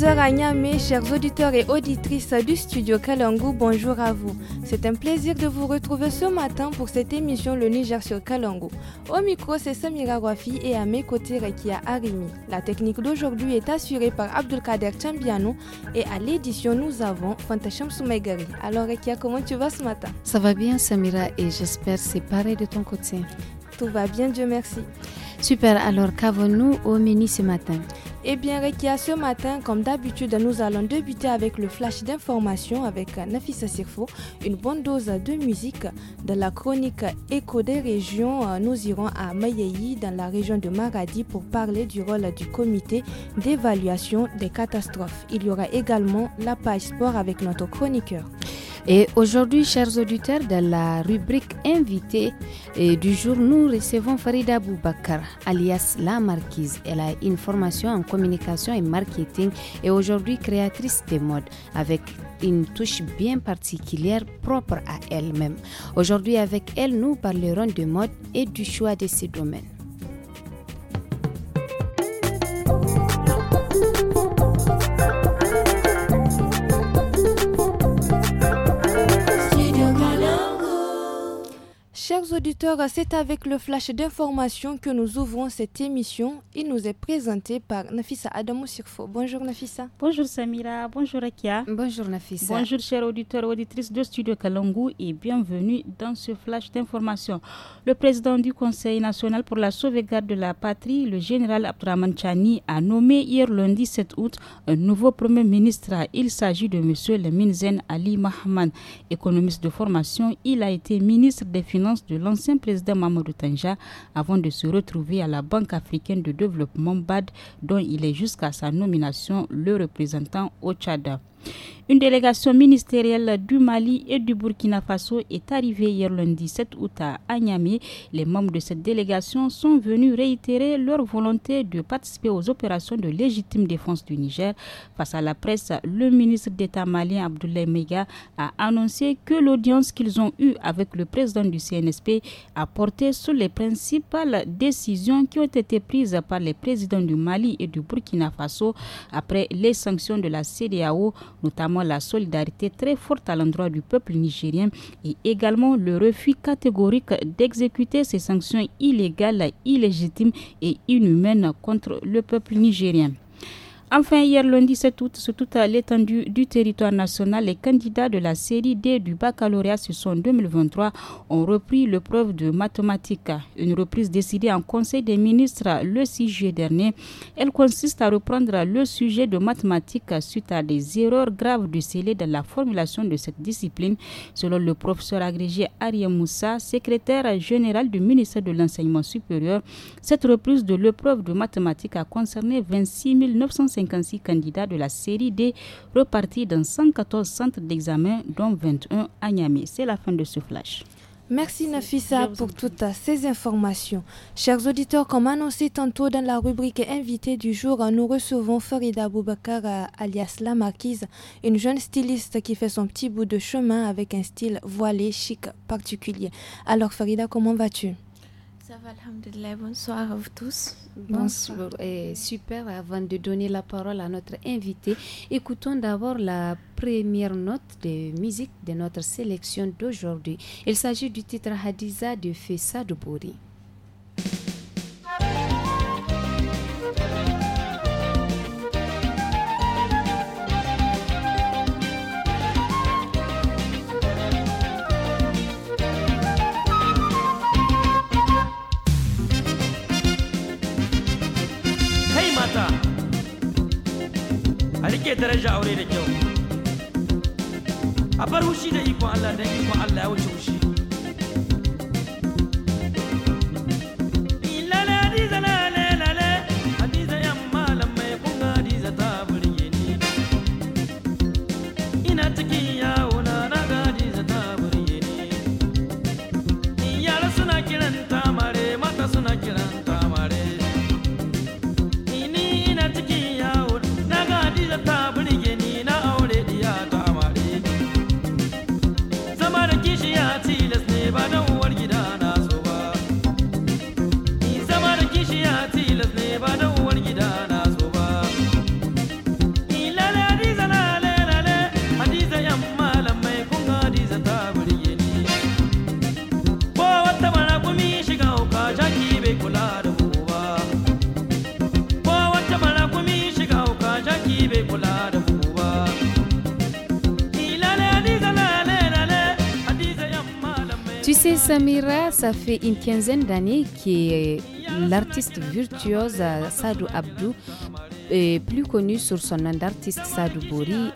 Mes chers auditeurs et auditrices du studio Kalangu, bonjour à vous. C'est un plaisir de vous retrouver ce matin pour cette émission Le Niger sur kalango Au micro, c'est Samira Wafi et à mes côtés, Rekia Arimi. La technique d'aujourd'hui est assurée par Abdelkader Chambiano et à l'édition, nous avons Fantasham Soumegari. Alors, Rekia, comment tu vas ce matin Ça va bien, Samira, et j'espère c'est pareil de ton côté tout va bien, Dieu merci. Super, alors qu'avons-nous au menu ce matin Eh bien, Rekia, ce matin, comme d'habitude, nous allons débuter avec le flash d'information avec Nafisa Sirfo, une bonne dose de musique. de la chronique Écho des régions, nous irons à Mayeyi, dans la région de Maradi, pour parler du rôle du comité d'évaluation des catastrophes. Il y aura également la page sport avec notre chroniqueur. Et aujourd'hui, chers auditeurs, dans la rubrique invité euh, du jour, nous recevons Farida Boubakar, alias La Marquise. Elle a une formation en communication et marketing et aujourd'hui créatrice de mode avec une touche bien particulière propre à elle-même. Aujourd'hui, avec elle, nous parlerons de mode et du choix de ces domaines. Chers auditeurs, c'est avec le flash d'information que nous ouvrons cette émission. Il nous est présenté par Nafisa Adamo Sirfo. Bonjour Nafisa. Bonjour Samira, bonjour Akia. Bonjour Nafisa. Bonjour chers auditeurs et auditrices de Studio Kalangou et bienvenue dans ce flash d'information. Le président du Conseil national pour la sauvegarde de la patrie, le général Abdraman Chani, a nommé hier lundi 7 août un nouveau premier ministre. Il s'agit de M. Leminzen Ali Mahman, économiste de formation. Il a été ministre des Finances de l'ancien président Mamadou Tanja avant de se retrouver à la Banque africaine de développement BAD dont il est jusqu'à sa nomination le représentant au Tchad. Une délégation ministérielle du Mali et du Burkina Faso est arrivée hier lundi 7 août à Niamey. Les membres de cette délégation sont venus réitérer leur volonté de participer aux opérations de légitime défense du Niger. Face à la presse, le ministre d'État malien Abdoulaye Mega a annoncé que l'audience qu'ils ont eue avec le président du CNSP a porté sur les principales décisions qui ont été prises par les présidents du Mali et du Burkina Faso après les sanctions de la CDAO, notamment la solidarité très forte à l'endroit du peuple nigérien et également le refus catégorique d'exécuter ces sanctions illégales, illégitimes et inhumaines contre le peuple nigérien. Enfin, hier lundi 7 août, sur toute l'étendue du territoire national, les candidats de la série D du baccalauréat son 2023 ont repris l'épreuve de mathématiques, une reprise décidée en Conseil des ministres le 6 juillet dernier. Elle consiste à reprendre le sujet de mathématiques suite à des erreurs graves décelées dans la formulation de cette discipline, selon le professeur agrégé Ariel Moussa, secrétaire général du ministère de l'Enseignement supérieur. Cette reprise de l'épreuve de mathématiques a concerné 26 950 56 candidats de la série D repartis dans 114 centres d'examen, dont 21 à Niamey. C'est la fin de ce flash. Merci Nafissa pour toutes ces informations. Chers auditeurs, comme annoncé tantôt dans la rubrique invité du jour, nous recevons Farida Boubakar euh, alias La Marquise, une jeune styliste qui fait son petit bout de chemin avec un style voilé chic particulier. Alors Farida, comment vas-tu? Ça Bonsoir à vous tous. Bonsoir. Et super, avant de donner la parole à notre invité, écoutons d'abord la première note de musique de notre sélection d'aujourd'hui. Il s'agit du titre Hadiza de Fessa de Bouri. rage daraja aure da kyau a bar hushi da ikon Allah da ikon Allah ya wuce Samira, ça fait une quinzaine d'années que l'artiste virtuose Sadou Abdou plus connu sur son nom d'artiste Sadou Bori,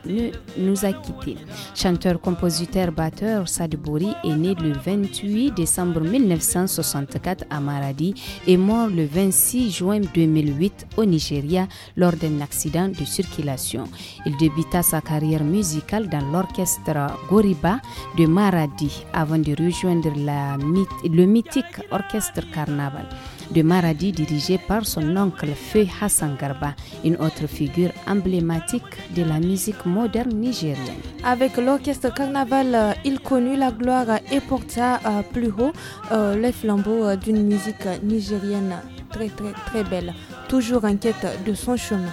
nous a quittés. Chanteur, compositeur, batteur, Sadou est né le 28 décembre 1964 à Maradi et mort le 26 juin 2008 au Nigeria lors d'un accident de circulation. Il débuta sa carrière musicale dans l'orchestre Goriba de Maradi avant de rejoindre le mythique orchestre Carnaval de Maradi dirigé par son oncle Feu Hassan Garba, une autre figure emblématique de la musique moderne nigérienne. Avec l'orchestre carnaval, euh, il connut la gloire et porta euh, plus haut euh, les flambeaux d'une musique nigérienne très très très belle, toujours en quête de son chemin.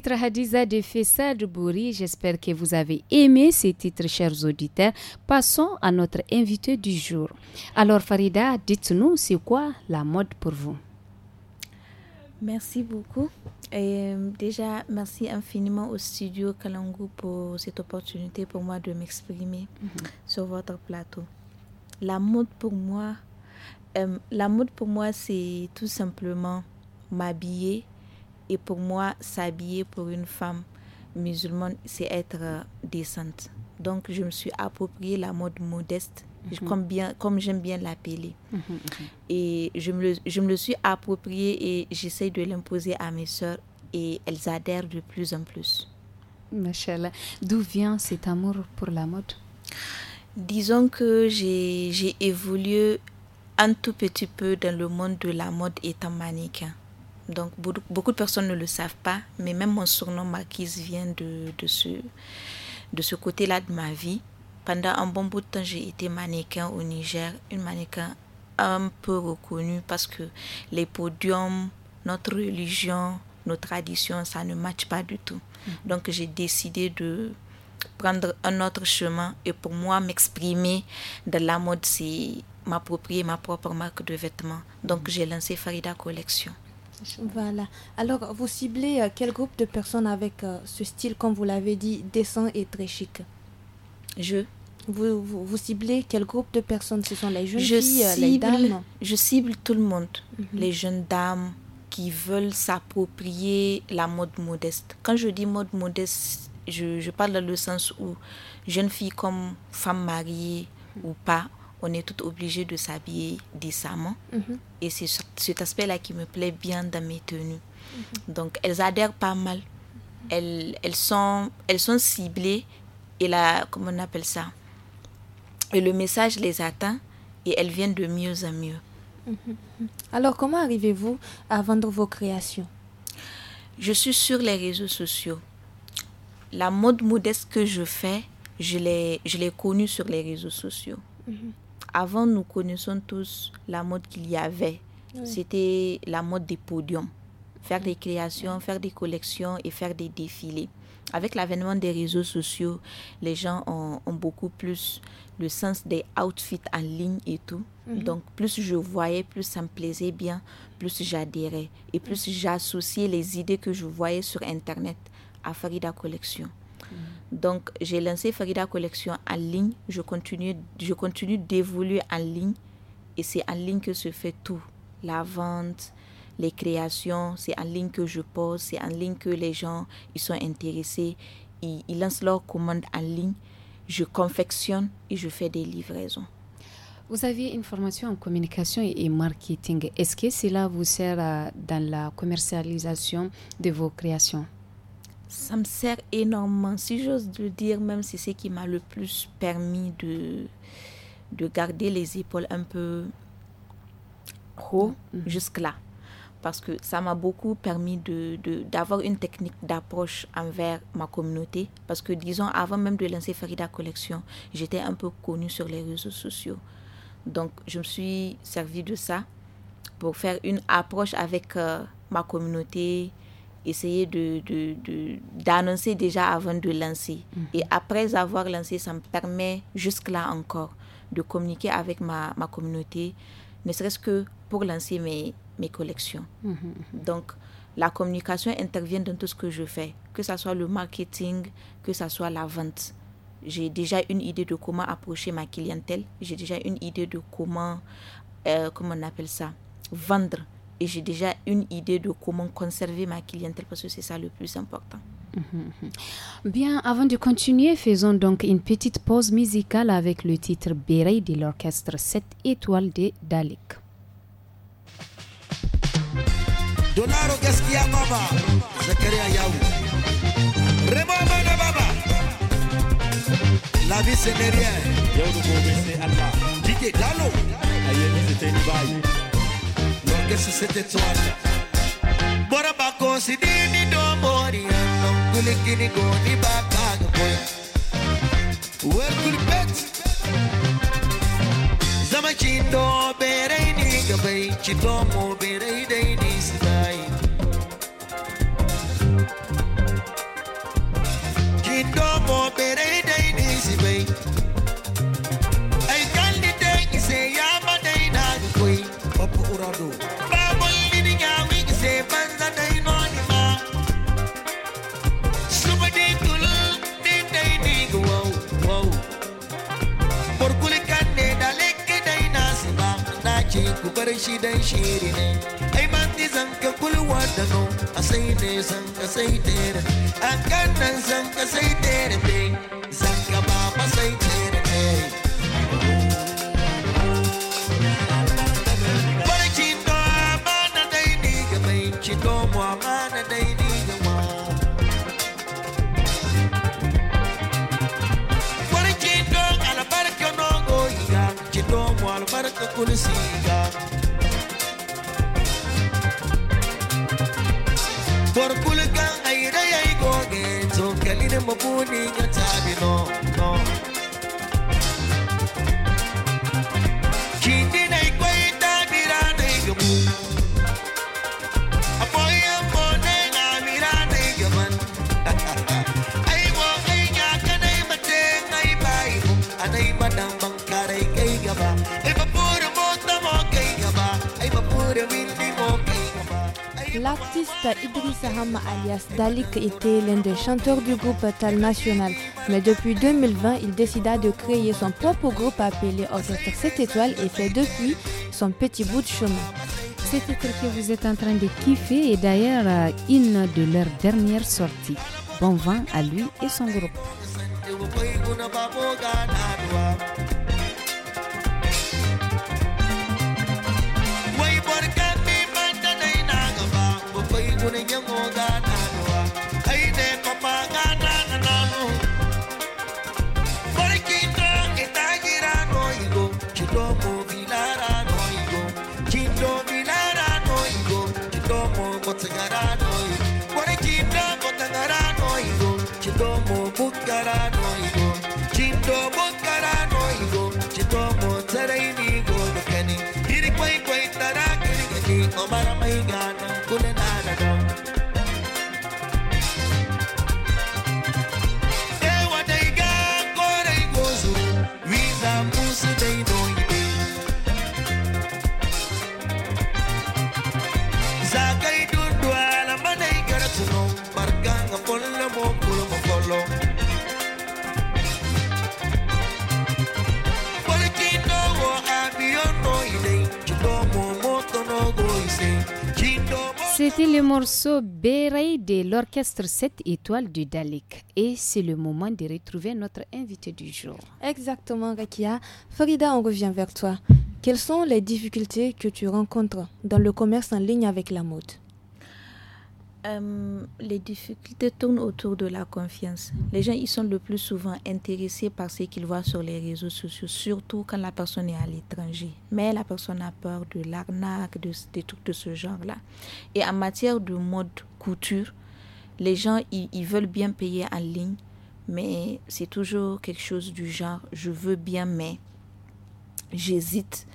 titre Hadiza de Fessad Bouri. J'espère que vous avez aimé ces titres, chers auditeurs. Passons à notre invité du jour. Alors, Farida, dites-nous, c'est quoi la mode pour vous Merci beaucoup. Euh, déjà, merci infiniment au studio Kalangu pour cette opportunité pour moi de m'exprimer mhm. sur votre plateau. La mode pour moi, euh, la mode pour moi, c'est tout simplement m'habiller et pour moi, s'habiller pour une femme musulmane, c'est être euh, décente. Donc, je me suis approprié la mode modeste, mhm. comme, bien, comme j'aime bien l'appeler. Mhm, mhm, et je me, le, je me le suis approprié et j'essaie de l'imposer à mes soeurs et elles adhèrent de plus en plus. Michel, d'où vient cet amour pour la mode Disons que j'ai évolué un tout petit peu dans le monde de la mode étant mannequin. Donc beaucoup de personnes ne le savent pas, mais même mon surnom Marquise vient de, de ce, de ce côté-là de ma vie. Pendant un bon bout de temps, j'ai été mannequin au Niger, une mannequin un peu reconnue parce que les podiums, notre religion, nos traditions, ça ne matche pas du tout. Mhm. Donc j'ai décidé de prendre un autre chemin et pour moi m'exprimer de la mode, c'est m'approprier ma propre marque de vêtements. Donc mhm. j'ai lancé Farida Collection. Voilà. Alors, vous ciblez euh, quel groupe de personnes avec euh, ce style, comme vous l'avez dit, décent et très chic Je. Vous, ciblez quel groupe de personnes Ce sont les jeunes filles, euh, les dames Je cible tout le monde. Mhm. Les jeunes dames qui veulent s'approprier la mode modeste. Quand je dis mode modeste, je, je parle dans le sens où jeunes filles comme femmes mariées ou pas, on est tout obligé de s'habiller décemment. Mhm. Et c'est cet aspect-là qui me plaît bien dans mes tenues. Mhm. Donc elles adhèrent pas mal. Elles, elles, sont, elles sont ciblées et là, comment on appelle ça Et le message les atteint et elles viennent de mieux en mieux. Mhm. Alors comment arrivez-vous à vendre vos créations Je suis sur les réseaux sociaux. La mode modeste que je fais, je l'ai connue sur les réseaux sociaux avant, nous connaissons tous la mode qu'il y avait. C'était la mode des podiums. Faire des créations, faire des collections et faire des défilés. Avec l'avènement des réseaux sociaux, les gens ont, beaucoup plus le sens des outfits en ligne et tout. Mhm. Donc, plus je voyais, plus ça me plaisait bien, plus j'adhérais et plus mhm. j'associais les idées que je voyais sur Internet à Farida Collection. Mhm. Donc, j'ai lancé Farida Collection en ligne. Je continue, d'évoluer en ligne. Et c'est en ligne que se fait tout. La vente, les créations, c'est en ligne que je pose, c'est en ligne que les gens ils sont intéressés. Ils, ils lancent leurs commandes en ligne. Je confectionne et je fais des livraisons. Vous avez une formation en communication et marketing. Est-ce que cela vous sert euh, dans la commercialisation de vos créations ça me sert énormément, si j'ose le dire, même si c'est ce qui m'a le plus permis de, de garder les épaules un peu haut mm-hmm. jusque-là. Parce que ça m'a beaucoup permis d'avoir de, une technique d'approche envers ma communauté. Parce que, disons, avant même de lancer Farida Collection, j'étais un peu connue sur les réseaux sociaux. Donc, je me suis servi de ça pour faire une approche avec euh, ma communauté, essayer d'annoncer de, de, d'annoncer déjà avant de lancer. Mhm. Et après avoir lancé, ça me permet jusque-là encore de communiquer avec ma, ma communauté, ne serait-ce que pour lancer mes, mes collections. Mhm, mhm. Donc, la communication intervient dans tout ce que je fais, que ce soit le marketing, que ce soit la vente. J'ai déjà une idée de comment approcher ma clientèle, j'ai déjà une idée de comment, euh, comment on appelle ça, vendre et j'ai déjà une idée de comment conserver ma clientèle parce que c'est ça le plus important. Bien, avant de continuer, faisons donc une petite pause musicale avec le titre Béret de l'orchestre 7 étoiles de Dalek. Donaro gaskiya baba zakariya yawo rebo baba la vie c'est derrière Guess it's it one. Bora ba considini do mori anno Kuli goni ba kaga boya Zama chindo bere ini gabay Chindo mo bere ide ini sidai mo bere shi dai shiri ne ai ban di zan ka kulwa da no a sai ne zan ka sai tere a kan nan zan ka sai tere ne zan ba ba sai tere ne barci to amana dai ni ga mai ci to mu amana dai ni ga ma barci to albarka no goya ci to mu albarka kulsi good in your time, you know, no. L'artiste Saham alias Dalik était l'un des chanteurs du groupe Tal National, mais depuis 2020, il décida de créer son propre groupe appelé Orchestre 7 étoiles et fait depuis son petit bout de chemin. C'est titre que vous êtes en train de kiffer et d'ailleurs euh, une de leurs dernières sorties. Bon vent à lui et son groupe. no matter my Ghana, couldn't C'est le morceau Béreille de l'orchestre 7 étoiles du Dalek. Et c'est le moment de retrouver notre invité du jour. Exactement, Rakia. Farida, on revient vers toi. Quelles sont les difficultés que tu rencontres dans le commerce en ligne avec la mode euh, les difficultés tournent autour de la confiance. Les gens, ils sont le plus souvent intéressés par ce qu'ils voient sur les réseaux sociaux, surtout quand la personne est à l'étranger. Mais la personne a peur de l'arnaque, de, des trucs de ce genre-là. Et en matière de mode couture, les gens, ils, ils veulent bien payer en ligne, mais c'est toujours quelque chose du genre, je veux bien, mais j'hésite.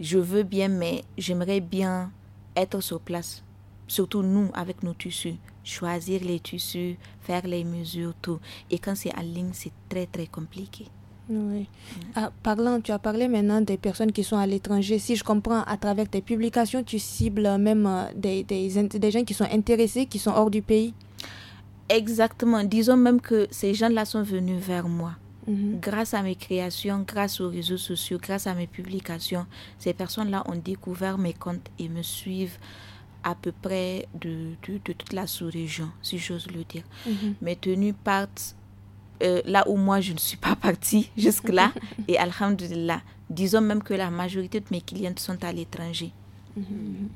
Je veux bien, mais j'aimerais bien être sur place surtout nous avec nos tissus, choisir les tissus, faire les mesures, tout. Et quand c'est en ligne, c'est très très compliqué. Oui. Ah, parlant, tu as parlé maintenant des personnes qui sont à l'étranger. Si je comprends, à travers tes publications, tu cibles même euh, des, gens qui sont intéressés, qui sont hors du pays. Exactement. Disons même que ces gens-là sont venus vers moi. Mhm. Grâce à mes créations, grâce aux réseaux sociaux, grâce à mes publications, ces personnes-là ont découvert mes comptes et me suivent à peu près de, de, toute la sous-région, si j'ose le dire. mais mhm. Mes tenues partent euh, là où moi je ne suis pas partie jusque-là. et Alhamdulillah, disons même que la majorité de mes clientes sont à l'étranger. Mhm.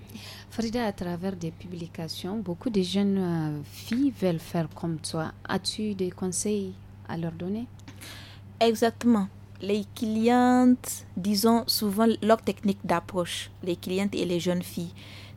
Frida, à travers des publications, beaucoup de jeunes euh, filles veulent faire comme toi. As-tu des conseils à leur donner Exactement. Les clientes, disons souvent leur technique d'approche, les clientes et les jeunes filles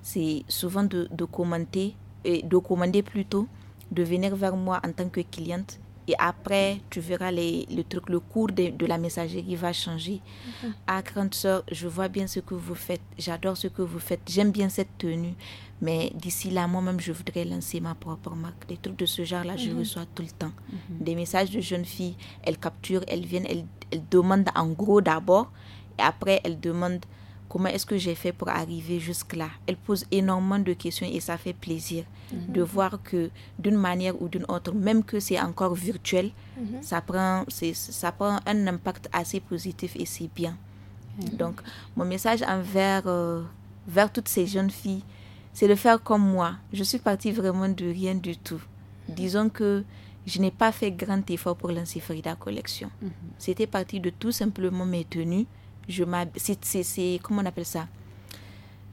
c'est souvent de, commenter, et de commander plutôt, de venir vers moi en tant que cliente. Et après, tu verras les, le truc, le cours de, la messagerie va changer. Mhm. Ah, grande soeur je vois bien ce que vous faites. J'adore ce que vous faites. J'aime bien cette tenue. Mais d'ici là, moi-même, je voudrais lancer ma propre marque. Des trucs de ce genre-là, je mhm. reçois tout le temps. Mhm. Des messages de jeunes filles. Elles capturent, elles viennent, elles, elles demandent en gros d'abord. Et après, elles demandent comment est-ce que j'ai fait pour arriver jusque-là Elle pose énormément de questions et ça fait plaisir mhm. de voir que d'une manière ou d'une autre, même que c'est encore virtuel, mhm. ça, prend, ça prend un impact assez positif et c'est bien. Donc, mon message envers euh, vers toutes ces jeunes filles, c'est de faire comme moi. Je suis partie vraiment de rien du tout. Mhm. Disons que je n'ai pas fait grand effort pour lancer Frida Collection. C'était parti de tout simplement mes tenues je c'est comment on appelle ça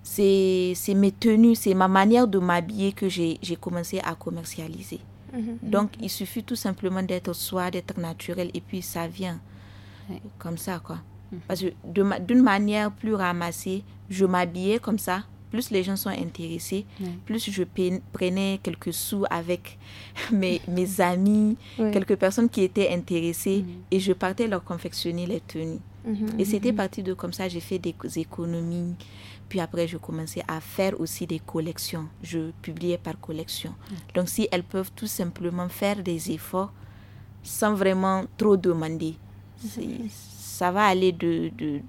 c'est mes tenues, c'est ma manière de m'habiller que j'ai commencé à commercialiser. Mm-hmm. Donc, il suffit tout simplement d'être soi, d'être naturel, et puis ça vient comme ça, quoi. Mm. Parce que d'une manière plus ramassée, je m'habillais comme ça plus les gens sont intéressés, plus je prenais quelques sous avec mes, amis, quelques personnes qui étaient intéressées, mhm. et je partais leur confectionner les tenues. Mhm, mhm, et c'était parti de comme ça, j'ai fait des économies. Puis après, je commençais à faire aussi des collections. Je publiais par collection. Donc si elles peuvent tout simplement faire des efforts sans vraiment trop demander, ça va aller de, de,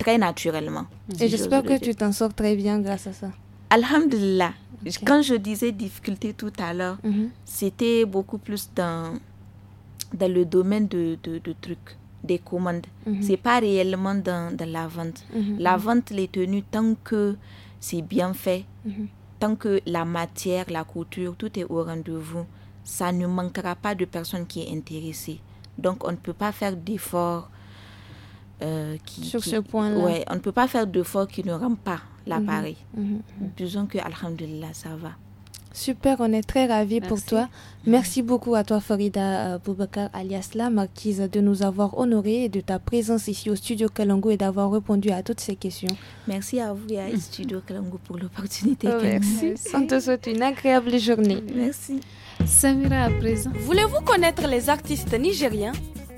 très naturellement. Mm. Et j'espère que tu t'en sors très bien grâce à ça. Alhamdulillah. Quand je disais difficulté tout à l'heure, mm-hmm. c'était beaucoup plus dans, dans le domaine de, de, trucs, des commandes. Mm-hmm. C'est pas réellement dans, dans la vente. Mm-hmm. La vente, les tenues, tant que c'est bien fait, tant que la matière, la couture, tout est au rendez-vous, ça ne manquera pas de personnes qui est intéressée. Donc, on ne peut pas faire d'efforts euh, Sur ce point-là. on ne peut pas faire fois qu'il ne rentre pas l'appareil. Mhm. Mhm, mhm. Disons que, alhamdulillah, ça va. Super, on est très ravis pour toi. Merci beaucoup à toi, Farida Boubacar, alias la marquise, de nous avoir honorés et de ta présence ici au studio Kalango et d'avoir répondu à toutes ces questions. Merci à vous et à Studio Kalango pour l'opportunité. merci. merci. On te souhaite une agréable journée. Merci. Samira, à présent. Voulez-vous connaître les artistes nigériens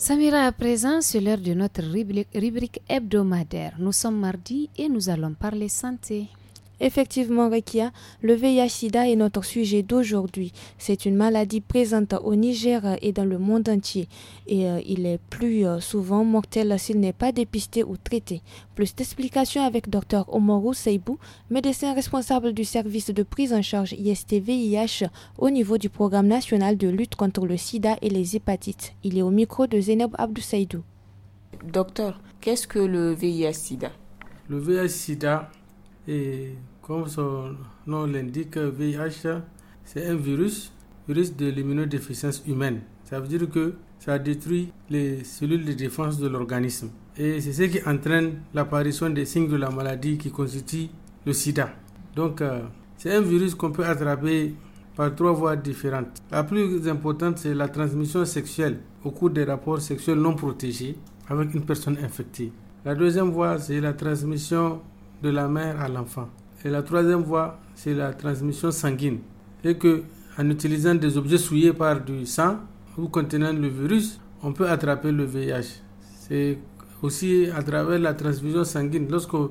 Samira, à présent, c'est l'heure de notre rubrique hebdomadaire. Nous sommes mardi et nous allons parler santé. Effectivement, Rekia, le VIH-Sida est notre sujet d'aujourd'hui. C'est une maladie présente au Niger et dans le monde entier. Et euh, il est plus euh, souvent mortel s'il n'est pas dépisté ou traité. Plus d'explications avec Dr Omoru Seibou, médecin responsable du service de prise en charge IST-VIH au niveau du programme national de lutte contre le sida et les hépatites. Il est au micro de Zenob Abdou Docteur, qu'est-ce que le VIH-Sida Le VIH-Sida est comme son nom l'indique, VIH, c'est un virus, virus de l'immunodéficience humaine. Ça veut dire que ça détruit les cellules de défense de l'organisme. Et c'est ce qui entraîne l'apparition des signes de la maladie qui constitue le sida. Donc, euh, c'est un virus qu'on peut attraper par trois voies différentes. La plus importante, c'est la transmission sexuelle au cours des rapports sexuels non protégés avec une personne infectée. La deuxième voie, c'est la transmission de la mère à l'enfant. Et la troisième voie, c'est la transmission sanguine. Et que en utilisant des objets souillés par du sang ou contenant le virus, on peut attraper le VIH. C'est aussi à travers la transmission sanguine. Lorsqu'on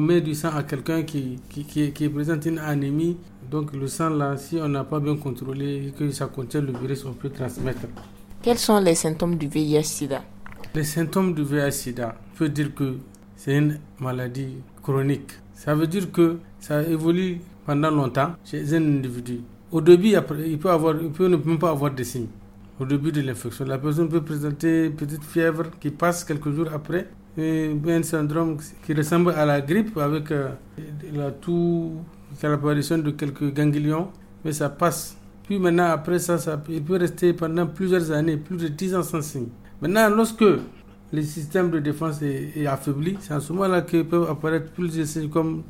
met du sang à quelqu'un qui, qui, présente une anémie, donc le sang là, si on n'a pas bien contrôlé et que ça contient le virus, on peut transmettre. Quels sont les symptômes du VIH-Sida Les symptômes du VIH-Sida, veut dire que c'est une maladie chronique. Ça veut dire que ça évolue pendant longtemps chez un individu. Au début, il peut, avoir, il peut ne peut même pas avoir de signes. Au début de l'infection, la personne peut présenter une petite fièvre qui passe quelques jours après, un syndrome qui ressemble à la grippe avec euh, la toux, l'apparition de quelques ganglions, mais ça passe. Puis maintenant, après ça, ça, il peut rester pendant plusieurs années, plus de 10 ans sans signe. Maintenant, lorsque le système de défense est, affaibli, c'est en ce moment-là que peuvent apparaître plusieurs signes comme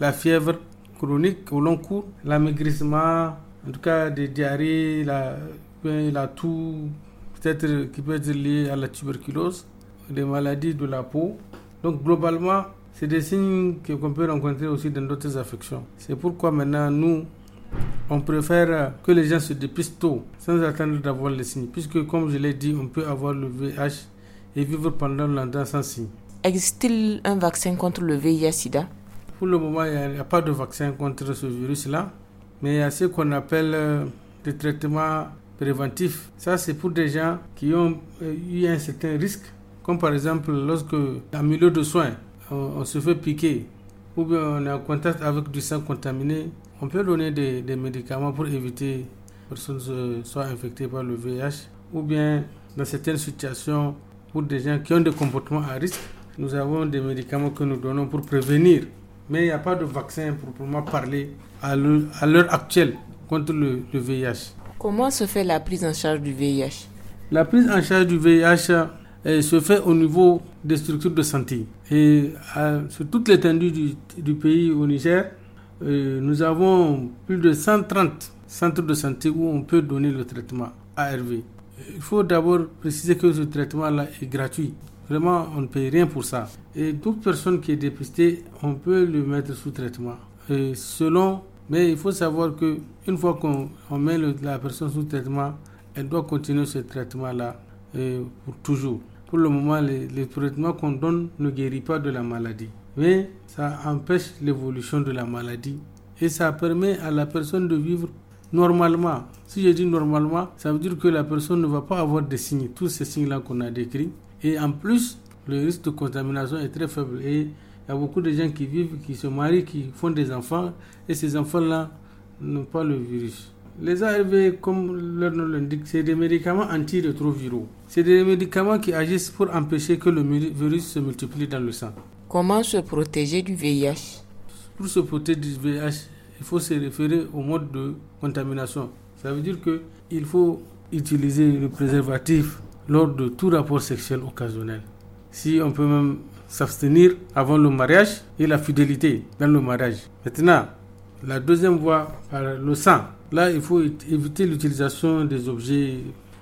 la fièvre chronique au long cours, l'amaigrissement, en tout cas des diarrhées, la, la toux, peut-être qui peut être liée à la tuberculose, des maladies de la peau. Donc globalement, c'est des signes qu'on peut rencontrer aussi dans d'autres affections. C'est pourquoi maintenant, nous, on préfère que les gens se dépistent tôt, sans attendre d'avoir les signes, puisque comme je l'ai dit, on peut avoir le VIH et vivre pendant longtemps sans signes. Existe-t-il un vaccin contre le VIH-Sida pour le moment, il n'y a, pas de vaccin contre ce virus-là, mais il y a ce qu'on appelle euh, des traitements préventifs. Ça, c'est pour des gens qui ont euh, eu un certain risque, comme par exemple lorsque, dans milieu de soins, on, se fait piquer ou bien on est en contact avec du sang contaminé, on peut donner des, médicaments pour éviter que personne soit infectées par le VIH ou bien dans certaines situations pour des gens qui ont des comportements à risque, nous avons des médicaments que nous donnons pour prévenir mais il n'y a pas de vaccin proprement parler à l'heure actuelle contre le, VIH. Comment se fait la prise en charge du VIH La prise en charge du VIH eh, se fait au niveau des structures de santé. Et sur toute l'étendue du, pays au Niger, eh, nous avons plus de 130 centres de santé où on peut donner le traitement ARV. Il faut d'abord préciser que ce traitement-là est gratuit. Vraiment, on ne paye rien pour ça. Et toute personne qui est dépistée, on peut le mettre sous traitement. Et selon, mais il faut savoir que une fois qu'on met la personne sous traitement, elle doit continuer ce traitement-là pour toujours. Pour le moment, les traitements qu'on donne ne guérit pas de la maladie, mais ça empêche l'évolution de la maladie et ça permet à la personne de vivre normalement. Si je dis normalement, ça veut dire que la personne ne va pas avoir des signes, tous ces signes-là qu'on a décrits, et en plus, le risque de contamination est très faible. Et il y a beaucoup de gens qui vivent, qui se marient, qui font des enfants, et ces enfants-là n'ont pas le virus. Les ARV, comme leur nom l'indique, c'est des médicaments antirétroviraux. C'est des médicaments qui agissent pour empêcher que le virus se multiplie dans le sang. Comment se protéger du VIH Pour se protéger du VIH, il faut se référer au mode de contamination. Ça veut dire qu'il faut utiliser le préservatif lors de tout rapport sexuel occasionnel. Si on peut même s'abstenir avant le mariage et la fidélité dans le mariage. Maintenant, la deuxième voie par le sang. Là, il faut éviter l'utilisation des objets.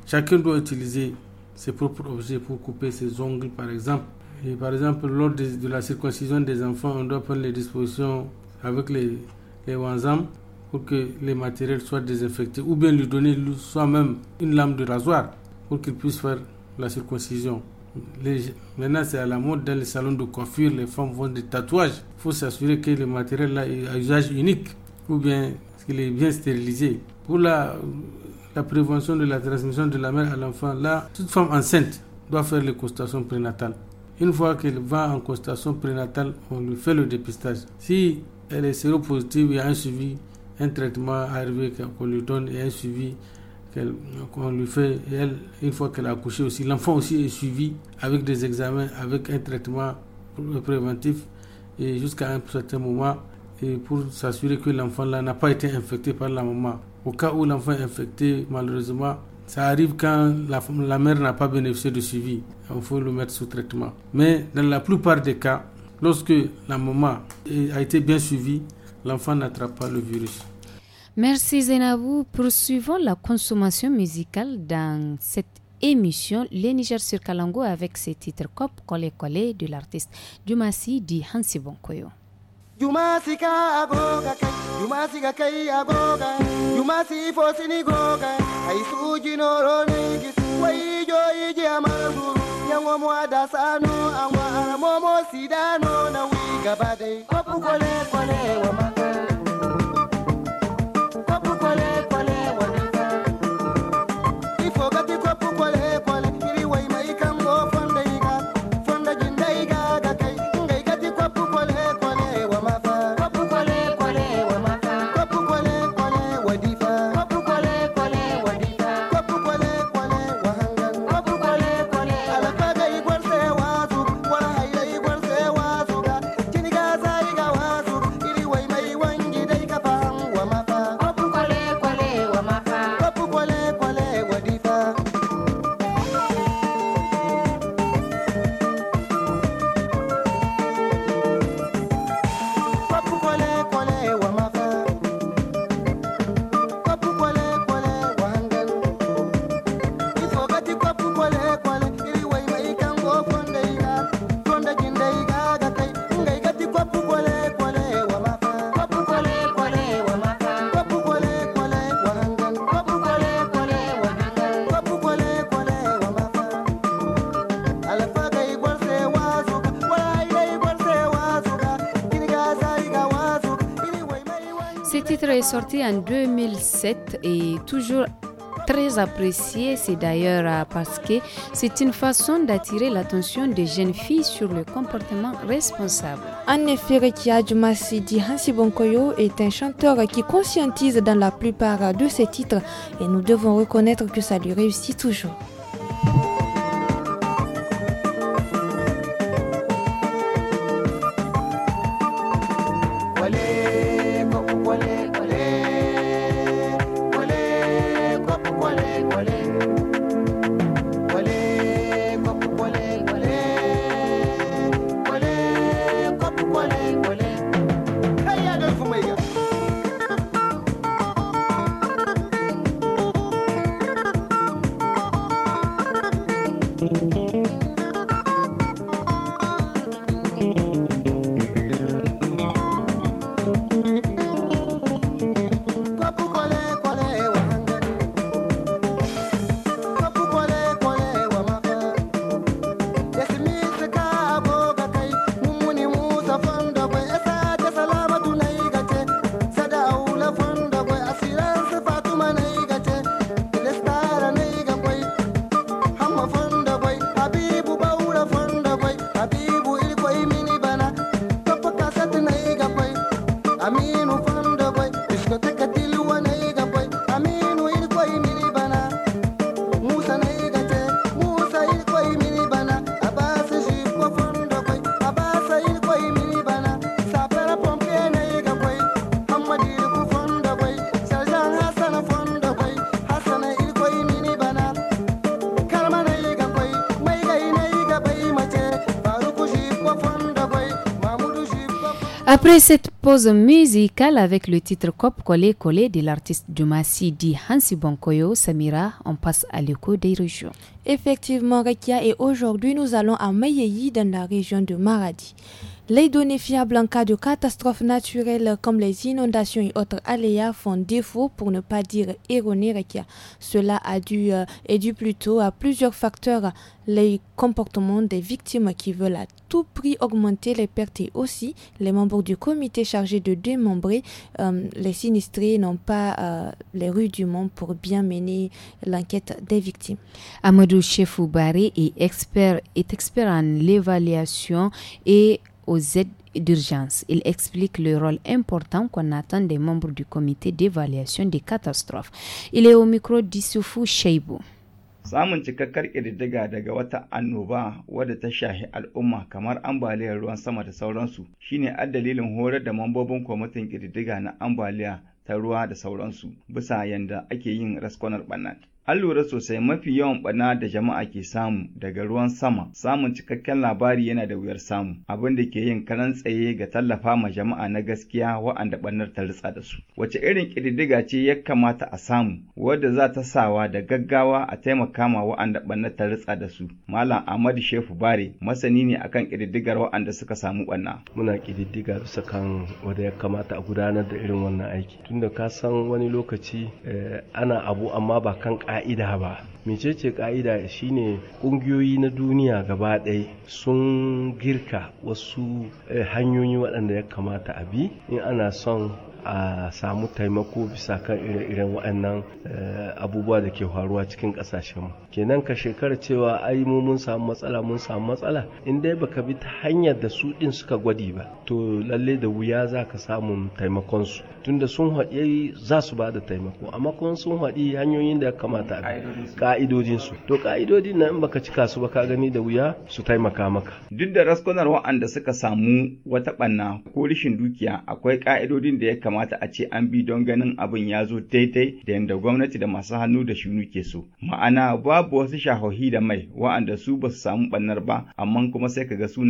Chacun doit utiliser ses propres objets pour couper ses ongles, par exemple. Et par exemple, lors de, la circoncision des enfants, on doit prendre les dispositions avec les, les wanzam pour que les matériels soient désinfectés ou bien lui donner soi-même une lame de rasoir pour qu'ils puissent faire la circoncision. Les, maintenant, c'est à la mode dans les salons de coiffure, les femmes font des tatouages. Il faut s'assurer que le matériel là est à usage unique ou bien qu'il est bien stérilisé. Pour la, prévention de la transmission de la mère à l'enfant, là, toute femme enceinte doit faire les constations prénatales. Une fois qu'elle va en constation prénatale, on lui fait le dépistage. Si elle est séropositive, il y a un suivi, un traitement arrivé qu'on lui donne et un suivi qu'on lui fait, et elle, une fois qu'elle a accouché aussi, l'enfant aussi est suivi avec des examens, avec un traitement préventif, et jusqu'à un certain moment, et pour s'assurer que l'enfant là n'a pas été infecté par la maman. Au cas où l'enfant est infecté, malheureusement, ça arrive quand la, la mère n'a pas bénéficié de suivi. Il faut le mettre sous traitement. Mais dans la plupart des cas, lorsque la maman a été bien suivie, l'enfant n'attrape pas le virus. Merci Zainabou. Poursuivons la consommation musicale dans cette émission Les Niger sur Kalango avec ses titres Cop Collé Collé de l'artiste Dumasi Di Hansi Bonkoyo. Dumasi ka aboga kai, Dumasi ka kai aboga, Dumasi fo sinigoga, ai suji no roni kisu wai jo iji amangu, yango sano momo sidano na wi Cop Collé Collé wa manga. sorti en 2007 et toujours très apprécié. C'est d'ailleurs parce que c'est une façon d'attirer l'attention des jeunes filles sur le comportement responsable. En effet, Rekia Masidi Hansi Bonkoyo est un chanteur qui conscientise dans la plupart de ses titres et nous devons reconnaître que ça lui réussit toujours. aminu fanda kwai discoteca tilwa na iga kwai aminu il kwai mini bana musa na iga te musa ir kwai mini bana abasa shi kwa fanda kwai abasa il kwai mini bana sapara pompe na iga kwai fonda ir ku fanda kwai sarjan hasana fanda kwai hasana ir kwai mini bana karma na iga kwai mai ga ina iga bai mace faruku shi kwa mamudu shi kwa Après cette pause musicale avec le titre Cop Collé Collé de l'artiste du dit Hansi Bonkoyo Samira. On passe à l'écho des régions. Effectivement, Rekia, et aujourd'hui nous allons à Mayeyi dans la région de Maradi. Les données fiables en cas de catastrophe naturelle comme les inondations et autres aléas font défaut pour ne pas dire erroné. Cela a dû, est euh, dû plutôt à plusieurs facteurs. Les comportements des victimes qui veulent à tout prix augmenter les pertes et aussi les membres du comité chargé de démembrer euh, les sinistrés n'ont pas euh, les rues du monde pour bien mener l'enquête des victimes. Amadou Chefoubaré est expert, est expert en l'évaluation et aux aides d'urgence. Il explique le rôle important qu'on attend des membres du comité d'évaluation des catastrophes. Il est au micro d'Issoufou Cheibou. Samun cikakkar ƙididdiga daga wata annoba wadda ta shahi al'umma kamar ambaliyar ruwan sama da sauransu shine dalilin horar da mambobin kwamitin ƙididdiga na ambaliya ta ruwa da sauransu bisa yadda ake yin raskonar ɓannat. An lura sosai mafi yawan ɓana da jama'a ke samu daga ruwan sama, samun cikakken labari yana da wuyar samu, abin da ke yin karan tsaye ga tallafa ma jama'a na gaskiya wa'anda ɓannar ta ritsa da su. Wace irin ƙididdiga ce ya kamata a samu, wadda za ta sawa da gaggawa a taimaka ma wa'anda ɓannar ta ritsa da su. Malam Ahmadu Shehu Bare, masani ne akan ƙididdigar wa'anda suka samu ɓanna. Muna ƙididdiga bisa kan wadda ya kamata a gudanar da irin wannan aiki. Tunda ka san wani lokaci eh, ana abu amma ba kan ka'ida ba mecece ƙa'ida shine ƙungiyoyi na duniya gaba ɗaya sun girka wasu eh, hanyoyi waɗanda ya kamata a bi in ana son a samu taimako bisa kan ire-iren waɗannan eh, abubuwa da ke faruwa cikin ƙasashen kenan ka shekara cewa ai mu mun samu matsala mun samu matsala in dai baka bi ta hanyar da su ɗin suka gwadi ba to lalle da wuya za ka samu taimakon su tunda sun haɗe za su ba da taimako amma kuma sun haɗi hanyoyin da ya kamata a ka'idojin su to ka'idojin nan in baka cika su ba ka gani da wuya su taimaka maka duk da raskunar wa'anda suka samu wata ɓanna ko rashin dukiya akwai ka'idodin da ya kamata a ce an bi don ganin abin ya zo daidai da yadda gwamnati da masu hannu da shunu ke so. Ma'ana babu wasu shahohi da mai wa'anda su ba su samu bannar ba amma kuma sai ka ga su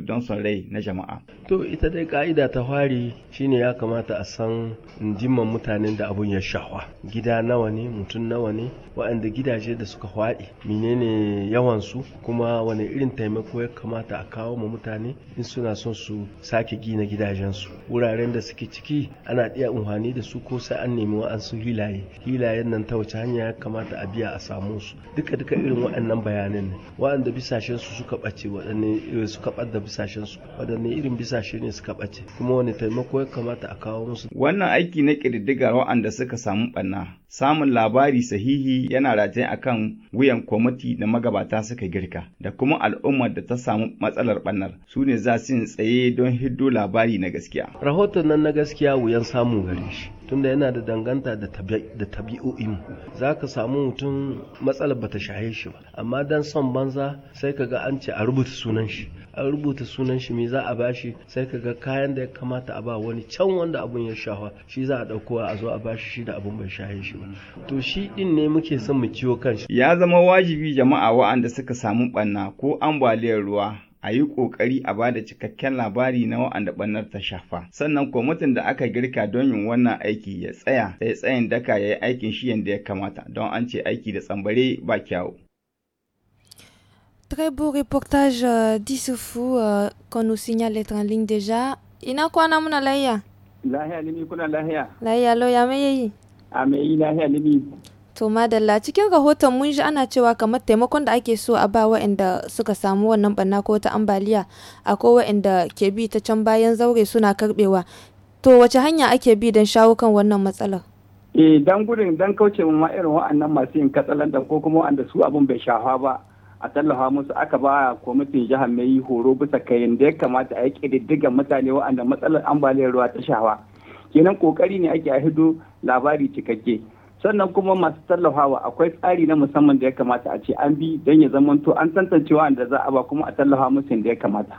don son rai na jama'a. To ita dai ka'ida ta fari shine ya kamata a san jimman mutanen da abun ya shahwa. Gida nawa ne mutum nawa ne wa'anda gidaje da suka fadi, menene yawan su kuma wani irin taimako ya kamata a kawo ma mutane in suna son su sake gina gidajensu wuraren da suke ciki ana iya amfani da su ko sai an nemi wa'ansu hilaye hilayen nan ta wace hanya ya kamata a biya a samu su duka duka irin waɗannan bayanan ne waɗanda bisashen su suka ɓace waɗanne eh, suka ɓadda bisashen su waɗanne irin bisashe ne suka ɓace kuma wani taimako ya kamata a kawo musu wannan aiki na ƙididdigar waɗanda suka samu ɓanna samun labari sahihi yana rataye akan wuyan kwamiti da magabata suka girka da kuma al'ummar da ta samu matsalar bannar su ne za su tsaye don hiddo labari na gaskiya rahoton nan na gaskiya wuyan samun gare shi tunda yana da danganta da tabi'o'in za ka samu mutum matsalar bata shaye shi ba amma dan son banza sai ka ga an ce a rubuta sunan shi an rubuta sunan shi me za a bashi sai ka ga kayan da ya kamata a ba wani can wanda abun ya shawa shi za a ɗauko a zo a bashi shi da abun bai shaye shi ba to shi din ne muke son mu ciwo kan shi ya zama wajibi jama'a wa'anda suka samu ɓanna ko ambaliyar ruwa a yi ƙoƙari a bada cikakken labari na waɗanda ɓannar ta shafa. Sannan kwamitin da aka girka don yin wannan aiki ya tsaya sai tsayin daka ya yi aikin shi yadda ya kamata don an ce aiki da tsambare ba kyawu. Très beau reportage euh, d'Issoufou euh, qu'on nous signale être en ligne déjà. Ina kwana muna layya? Lahiya limi kuna lahiya. Lahiya lo ya me A me yi lahiya limi. To madalla cikin rahoton mun ji ana cewa kamar taimakon da ake so a ba waɗanda suka samu wannan banna ko ta ambaliya akwai waɗanda ke bi ta can bayan zaure suna karbewa. To wace hanya ake bi don shawo kan wannan matsalar? Eh dan gudun dan kauce ma irin wa'annan masu yin katsalandan ko kuma wa'anda su abun bai shafa ba a tallafa musu aka ba kwamitin jihar mai yi horo bisa kai da ya kamata a yi ƙididdigan mutane wa'anda matsalar ambaliyar ruwa ta shafa. Kenan kokari ne ake a hido labari cikakke. sannan kuma masu tallafawa akwai tsari na musamman da ya kamata a ce an bi don ya zamanto an tantancewa da za a ba kuma a tallafa musu da ya kamata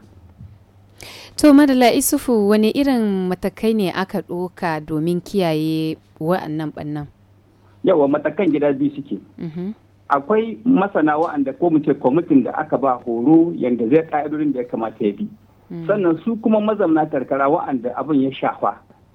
to madala isufu wani irin matakai ne aka ɗoka domin kiyaye wa'annan bannan. yawa matakan gida biyu suke mm-hmm. akwai masana wa'anda ko mu ce kwamitin da aka ba horo yadda zai ƙa'idodin da ya kamata ya bi mm. sannan su kuma mazauna karkara wa'anda abin ya shafa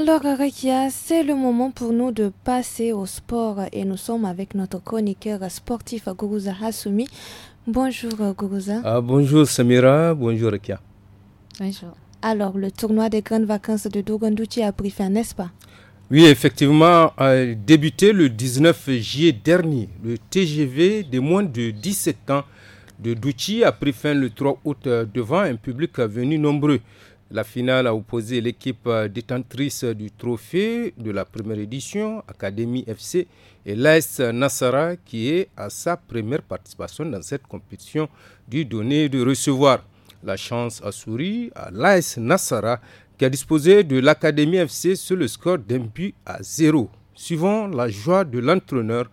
Alors Rekia, c'est le moment pour nous de passer au sport et nous sommes avec notre chroniqueur sportif Guruza Hassoumi. Bonjour euh, Guruza. Ah, bonjour Samira, bonjour Rekia. Bonjour. Alors le tournoi des grandes vacances de Dogonduchi a pris fin, n'est-ce pas Oui, effectivement, a débuté le 19 juillet dernier. Le TGV des moins de 17 ans de Duchi a pris fin le 3 août euh, devant un public euh, venu nombreux. La finale a opposé l'équipe euh, détentrice du trophée de la première édition, Académie FC, et l'AS Nassara, qui est à sa première participation dans cette compétition du donner et de recevoir. La chance a souri à l'AS Nassara, qui a disposé de l'Académie FC sur le score d'un but à zéro. Suivant la joie de l'entraîneur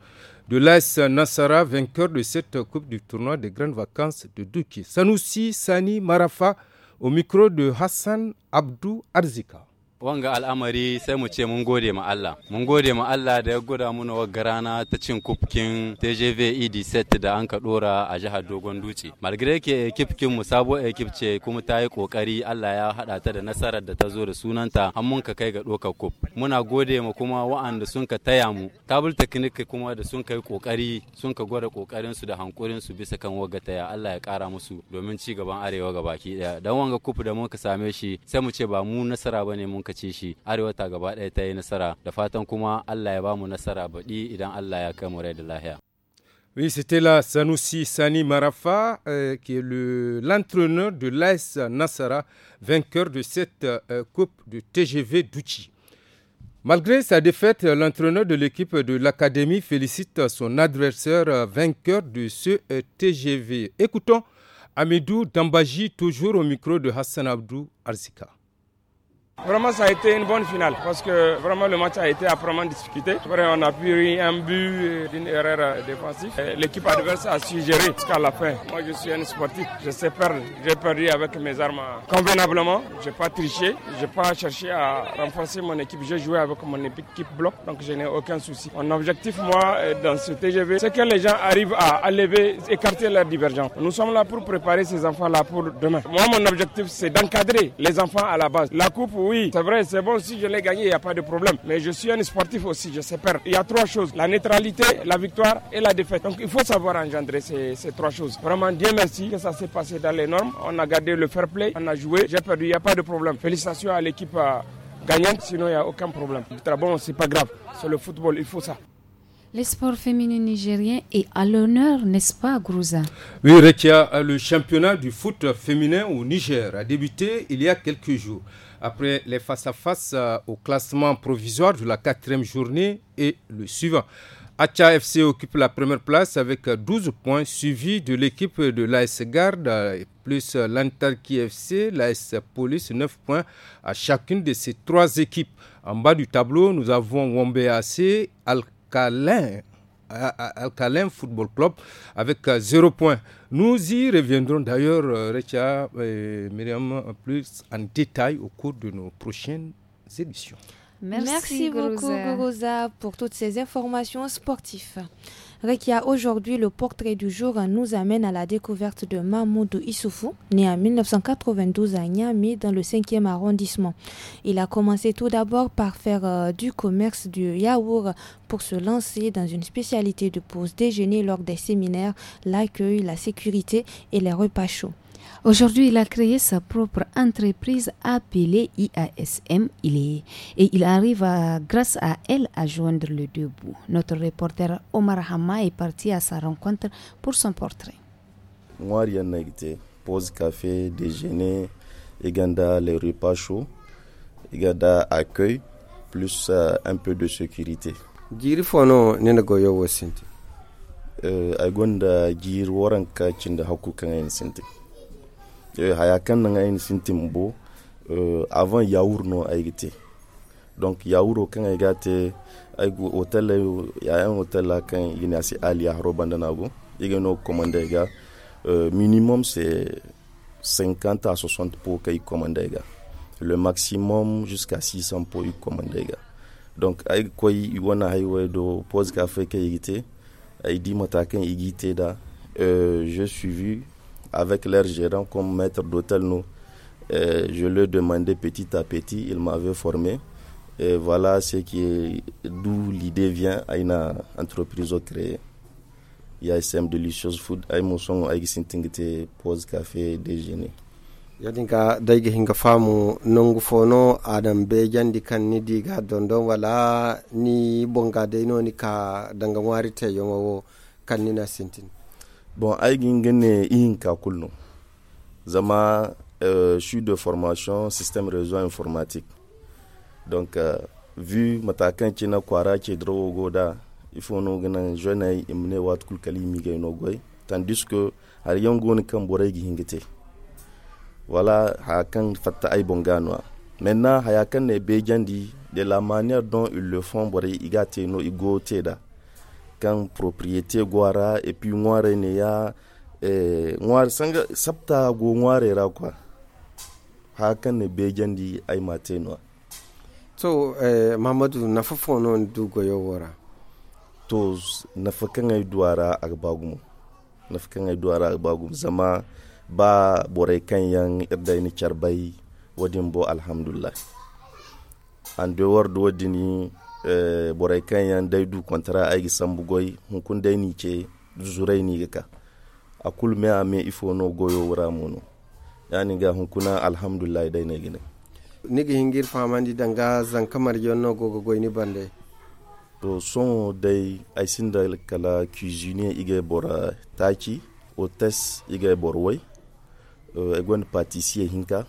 de l'AS Nassara, vainqueur de cette Coupe du tournoi des grandes vacances de Douki. Sanoussi Sani Marafa au micro de Hassan Abdou Arzika. wanga al'amari sai mu ce mun gode ma Allah mun gode ma Allah da ya gwada mana wagga rana ta cin kufkin TJV ED set da an ka dora a jihar Dogon Dutse malgire ke ekipkin mu sabo ekip ce kuma ta yi kokari Allah ya hada ta da nasarar da ta zo da sunanta an mun ka kai ga doka kuf muna gode ma kuma wa'anda sun ka taya mu tabul technique kuma da sun kai kokari sun ka gwada kokarin su da hankurin su bisa kan wagga taya Allah ya kara musu domin ci gaban arewa gabaki ɗaya. dan wanga kuf da muka same shi sai mu ce ba mu nasara bane mun Oui, c'était là Sanusi Sani Marafa, euh, qui est l'entraîneur de l'AS Nassara, vainqueur de cette euh, Coupe de TGV d'Uchi. Malgré sa défaite, l'entraîneur de l'équipe de l'Académie félicite son adversaire euh, vainqueur de ce TGV. Écoutons Amidou Dambaji, toujours au micro de Hassan Abdou Arzika. Vraiment, ça a été une bonne finale parce que vraiment le match a été apparemment Après, on a pu un but euh, d'une erreur euh, défensive. L'équipe adverse a su gérer jusqu'à la fin. Moi, je suis un sportif. Je sais perdre. J'ai perdu avec mes armes hein. convenablement. Je n'ai pas triché. Je n'ai pas cherché à renforcer mon équipe. J'ai joué avec mon équipe bloc, donc je n'ai aucun souci. Mon objectif, moi, euh, dans ce TGV, c'est que les gens arrivent à lever, écarter leurs divergence. Nous sommes là pour préparer ces enfants-là pour demain. Moi, mon objectif, c'est d'encadrer les enfants à la base. La coupe oui, c'est vrai, c'est bon, si je l'ai gagné, il n'y a pas de problème. Mais je suis un sportif aussi, je sais perdre. Il y a trois choses, la neutralité, la victoire et la défaite. Donc il faut savoir engendrer ces, trois choses. Vraiment, Dieu merci que ça s'est passé dans les normes. On a gardé le fair play, on a joué, j'ai perdu, il n'y a pas de problème. Félicitations à l'équipe euh, gagnante, sinon il n'y a aucun problème. Bon, c'est pas grave, c'est le football, il faut ça. Les sports féminins nigériens est à l'honneur, n'est-ce pas, Grouza Oui, Rekia, le championnat du foot féminin au Niger a débuté il y a quelques jours après les face-à-face euh, au classement provisoire de la quatrième journée et le suivant. Acha FC occupe la première place avec 12 points, suivi de l'équipe de l'AS Garde, plus l'Antarki FC, l'AS Police, 9 points à chacune de ces trois équipes. En bas du tableau, nous avons Wombe AC, Alcalin Alcalin Football Club avec 0 euh, points. Nous y reviendrons d'ailleurs, euh, Recha et Myriam, plus en détail au cours de nos prochaines éditions. Merci, beaucoup, pour toutes ces informations sportives. Rekia, aujourd'hui, le portrait du jour nous amène à la découverte de Mahmoud Issoufou, né en 1992 à Niamey, dans le 5e arrondissement. Il a commencé tout d'abord par faire euh, du commerce du yaourt pour se lancer dans une spécialité de pause déjeuner lors des séminaires, l'accueil, la sécurité et les repas chauds. Aujourd'hui, il a créé sa propre entreprise appelée IASM il est, et il arrive à, grâce à elle à joindre le debout. Notre reporter Omar Hama est parti à sa rencontre pour son portrait. Moi, rien pause café, déjeuner, Uganda les repas chauds, Uganda accueil, plus euh, un peu de sécurité. Euh, eh, haya kan na ngai sin euh, avant yaour no aigite donc yaour kan ai gate ai hotel ya un hôtel la kan à si ali ahro bandana go igen no commande eh, minimum c'est 50 à 60 pour qu'il commande le maximum jusqu'à 600 pour qu'il commande donc ai koi yi wana do pose café ke yigite dit di mata kan yigite da euh je vu avec leur gérant comme maître d'hôtel, nous. Et je leur demandais petit à petit, il m'avait formé. Et voilà ce qui d'où l'idée vient à une entreprise créée. ISM Delicious Food, à mon son, avec Gisintingte, pause café, déjeuner. yadinka dayge hinga famu nongu fono adam be jandi kan ni diga dondon wala ni bonga de noni ka danga warite yongo kan ni na sintin Bon, aigin gane yin ka kullum. Zama euh, de formation système réseau informatique. Donc, euh, vu matakan ci na kwara ke drogo goda, ifo no gana ay imne wat kulkali mi gay no goy, tandis que har yango goni kan boray gi hingite. ha hakan fatta ay bonganwa. Maintenant, hayakan ne jandi de la manière dont ils le font boray igate no igote da. kan propriété gwara et puis ngware ne ya eh, ngware sanga sapta go ngware ra kwa hakan ne be di ay mateno to eh, mamadu na fafo go yo yowora to na fakan ngai duwara a bagum na fakan ngai duwara a bagum zama ba borai kan yan irda ni charbai wadin bo alhamdulillah an do wardo wadini Eh, borai kan yan kwantara a yi aigi sambugoi hunkun dai ni ce zurai ni ga a kul me a me ifo no goyo wura ya yani ga hunkuna alhamdulillah dai ne gine ga hingir famandi danga zan kamar no gogo goyni bande to son dai ai sinda kala cuisinier ige bora taki hôtesse ige borwai uh, eh, egon pâtissier hinka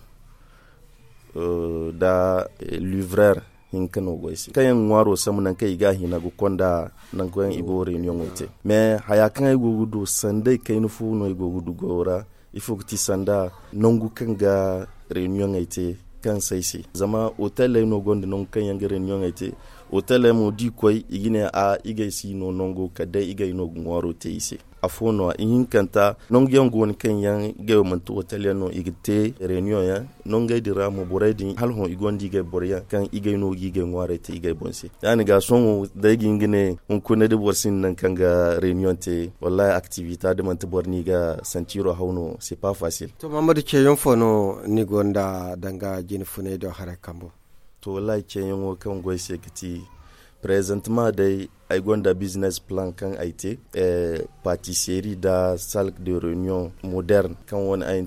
eh, da livreur hinkano goisi kayen waro samunan kai gahi na go konda nan ko ibo reunion wote me haya kan go gudu sande kai nufu no go gora ifo ti sanda nongu kan ga reunion aite kan saisi zama hotel le no gonde non kan yang reunion aite hotel ay mo di koy igine a igaisi no nongo kadai igai no ngwaro teise afo nɔ in kanta non gen gon ken yan ge mun to hotel i igite reunion ya non dira mo bore din hal ho igon di ge bore yan kan ige no gi ge ngware te ige bonse yani ga son da gi ngine ko ne de borsin nan kan ga reunion te wallahi activita de man te borni ga santiro hauno c'est pas facile to mamadu ke yon fono ni gonda danga jin fune do hare kambo to wallahi ke yon kan goise kiti Présentement, dai un business plan kan aite euh, pâtisserie dans da salle de réunion moderne kan won a un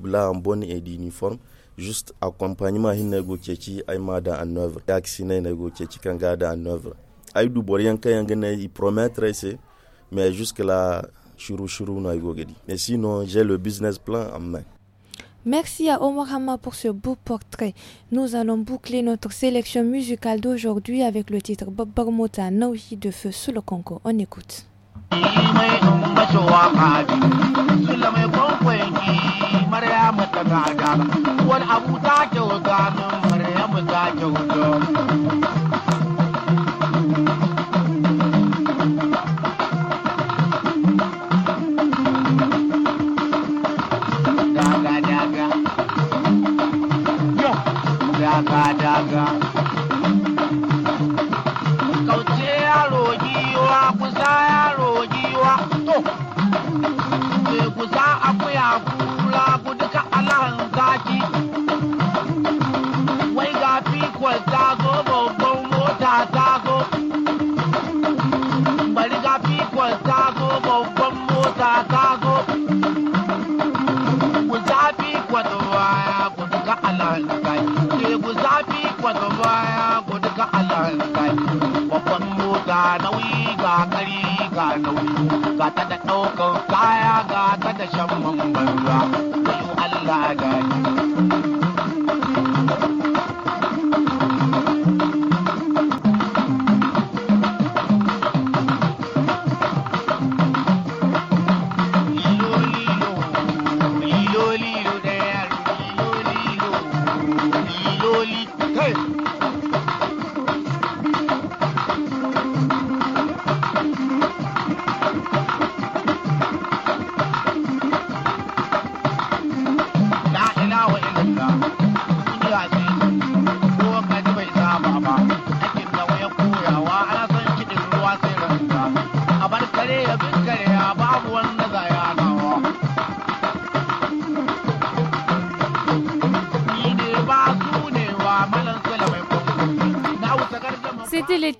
bla en bonne et uniforme juste accompagnement hinna go keki ai ma en œuvre aksine na qui keki kan gada en œuvre ai du boryan kan yanga i promettre mais jusque là churu churu na go mais sinon j'ai le business plan en main Merci à Omar pour ce beau portrait. Nous allons boucler notre sélection musicale d'aujourd'hui avec le titre Bob Barmota Naohi de Feu sous le Congo. On écoute. nauyi ga da ɗaukan kaya ga ta da shan bambam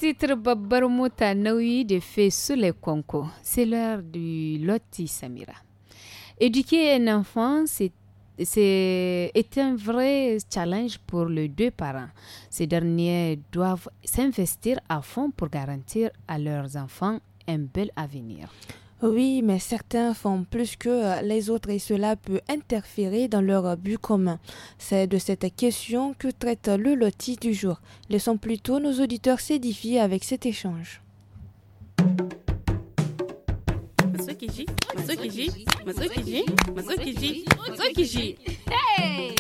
titre Muta Naoui de fait sous les concours. C'est l'heure du Loti Samira. Éduquer un enfant, c'est est un vrai challenge pour les deux parents. Ces derniers doivent s'investir à fond pour garantir à leurs enfants un bel avenir. Oui, mais certains font plus que euh, les autres et cela peut interférer dans leur but commun. C'est de cette question que traite le loti du jour. Laissons plutôt nos auditeurs s'édifier avec cet échange. Hey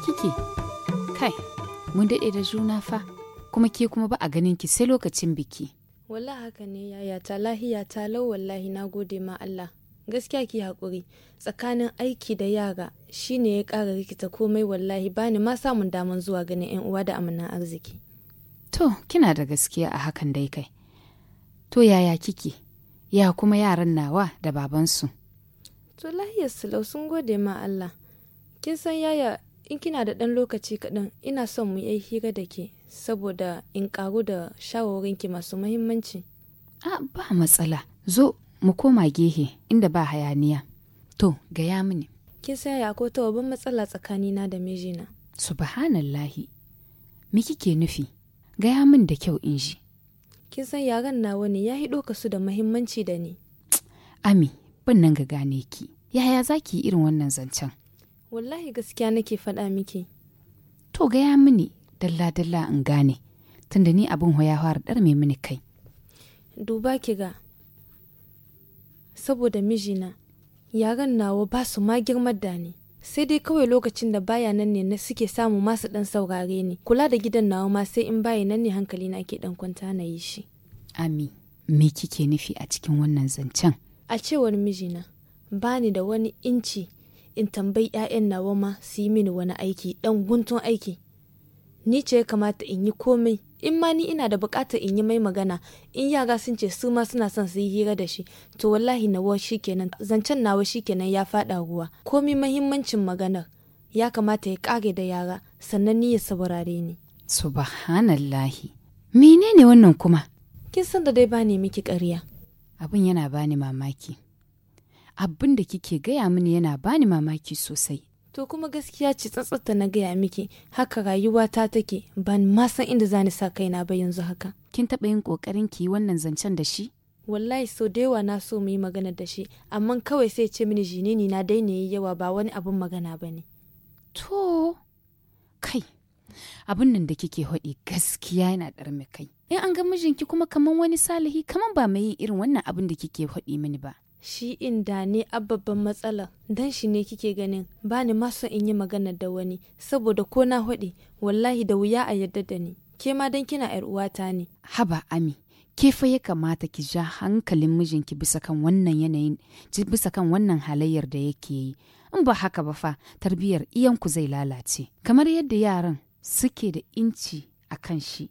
kike? Kai, mun daɗe da juna fa, kuma ke kuma ba a ganin ki sai lokacin biki. Wallah haka ne yaya ta lahiya ta lau wallahi na gode ma Allah. Gaskiya ki haƙuri, tsakanin aiki da yara shi ne ya ƙara rikita komai wallahi bani ma samun daman zuwa ganin 'yan uwa da amanan arziki. To, kina da gaskiya a hakan dai kai. To yaya kike? Ya kuma yaran nawa da babansu? To lahiyar Silau sun gode ma Allah. Kin san yaya in kina da ɗan lokaci kaɗan ina son mu yi hira da ke saboda in ƙaru da shawarinki masu mahimmanci. A ba matsala, zo mu koma gehe inda ba hayaniya. To, gaya mini. Kin san ya ko ta babban matsala tsakanina da mijina. Subhanallahi, me kike nufi? Gaya min da kyau in ji. Kin san yaran nawa ne ya hido ka su da mahimmanci da ni. Ami, ban nan ga gane ki. Yaya za ki yi irin wannan zancen? wallahi gaskiya nake faɗa miki to gaya mini dalla dalla in gane tunda ni abin hoya fara mai mini kai duba ki ga saboda mijina yaran nawa ba su ma girmar da ni sai dai kawai lokacin da baya nan ne na suke samu masu dan saurare ni kula da gidan nawa ma sai in baya nan ne hankali na ke dan kwanta na yi shi ami me kike nufi a cikin wannan zancen a cewar mijina bani da wani inci in tambayi 'ya'yan nawa ma su yi mini wani aiki ɗan guntun aiki ni ce ya kamata in yi komai in ma ni ina da bukatar in yi mai magana in yara sun ce su ma suna son su yi hira da shi to wallahi nawa shikenan zancen nawa shikenan ya faɗa ruwa komai mahimmancin maganar ya kamata ya kare da yara sannan ni ya saurare ni subhanallahi menene wannan kuma kin san da dai bani miki ƙarya abin yana bani mamaki abin da kike gaya mini yana bani mamaki sosai to kuma gaskiya ce tsatsatta na gaya miki haka rayuwa ta take ban ma san inda zani sa kaina ba yanzu haka kin taɓa yin ƙoƙarin ki yi wannan zancen da shi wallahi sau da yawa na so mu yi magana da shi amma kawai sai ce mini jinini na daina yi yawa ba wani abin magana ba ne to kai abin nan da kike haɗi gaskiya yana ɗarmi kai in an ga mijinki kuma kaman wani salihi kaman ba mai yin irin wannan abin da kike haɗi mini ba shi inda ne babban matsala dan shi ne kike ganin ba ni ma in yi magana da wani saboda ko na haɗi wallahi da wuya a yarda da ni ke ma dan kina yar uwata ne haba ami ke fa ya kamata ki ja hankalin mijinki bisa kan wannan yanayin bisa kan wannan halayyar da yake yi in ba haka ba fa tarbiyyar iyanku zai lalace kamar yadda yaran suke da inci akan shi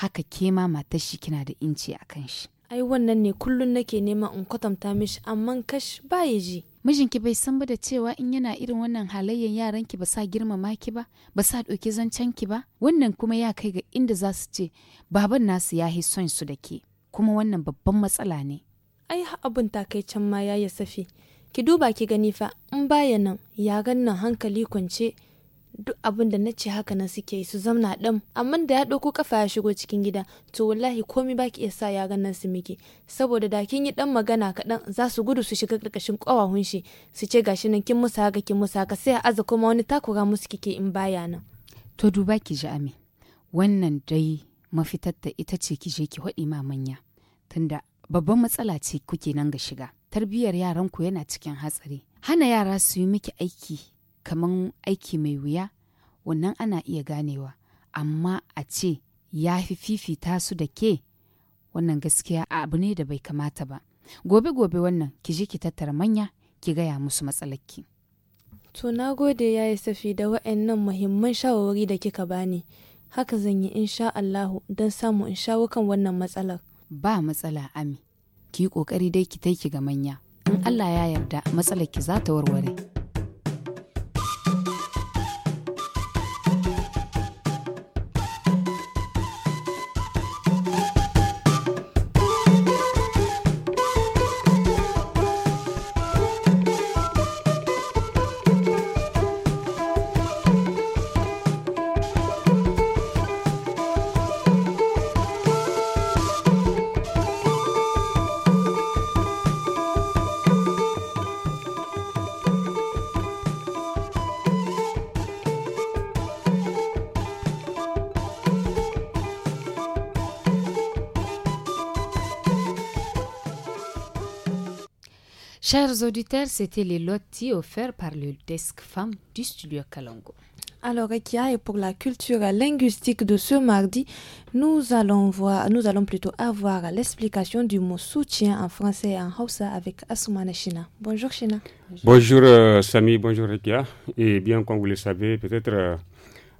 haka ke ma matar shi kina da inci a kan shi ai wannan ne kullum nake nema in kwatanta mishi amma kash ba ya ji mijinki bai san ba da cewa in yana irin wannan halayyar yaranki ba sa girmama ki ba ba sa ɗauki zancen ki ba wannan kuma ya kai ga inda za su ce baban nasu ya yi son su da ke kuma wannan babban matsala ne ai abun takaicen ma ya ya safi ki duba ki gani fa in baya nan ya nan hankali kwance duk abin da na ce haka nan suke su zamna ɗan amma da ya ɗauko kafa ya shigo cikin gida to wallahi komai ba ki iya sa yaran nan su miki saboda da kin yi ɗan magana kaɗan za su gudu su shiga ƙarƙashin ƙawahun shi su ce gashi nan kin musa haka kin musa haka sai a aza kuma wani takura musu kike in baya nan. to duba ki ji ame wannan dai mafitar da ita ce ki je ki haɗi ma manya tunda babban matsala ce kuke nan ga shiga tarbiyyar ku yana cikin hatsari hana yara su yi miki aiki kamar aiki mai wuya wannan ana iya ganewa amma a ce ya fi fifita su da ke wannan gaskiya abu ne da bai kamata ba gobe gobe wannan ki je ki tattara manya ki gaya musu matsalarki to na gode ya yi safi da wa'annan muhimman shawarwari da kika bani haka zan yi insha Allahu don samu in shawo kan wannan matsalar ba matsala ami ki yi kokari dai ki taiki ga manya in Allah ya yarda matsalar ki za ta warware Chers auditeurs, c'était les lotis offerts par le desk femme du studio Kalongo. Alors, Ekia, et pour la culture linguistique de ce mardi, nous allons, voir, nous allons plutôt avoir l'explication du mot soutien en français et en Hausa avec Asumane Shina. Bonjour Shina. Bonjour, euh, Samy, bonjour Rekia. Et bien, comme vous le savez, peut-être euh,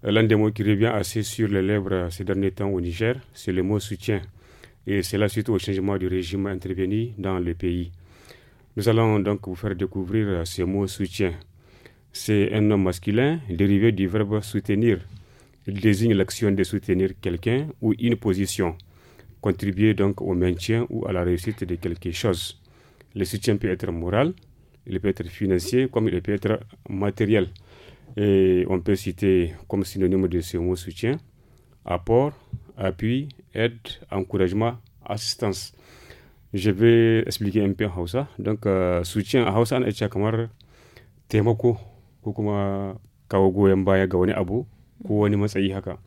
l'un des mots qui revient assez sur les lèvres ces derniers temps au Niger, c'est le mot soutien. Et c'est la suite au changement du régime intervenu dans le pays. Nous allons donc vous faire découvrir euh, ce mot soutien. C'est un nom masculin dérivé du verbe soutenir. Il désigne l'action de soutenir quelqu'un ou une position, contribuer donc au maintien ou à la réussite de quelque chose. Le soutien peut être moral, il peut être financier comme il peut être matériel. Et on peut citer comme synonyme de ce mot soutien apport, appui, aide, encouragement, assistance. je vais expliquer un peu en hausa donc euh, soutien a hausa ana cewa kamar taimako ko kuma kawo goyon baya ga wani abu ko wani matsayi haka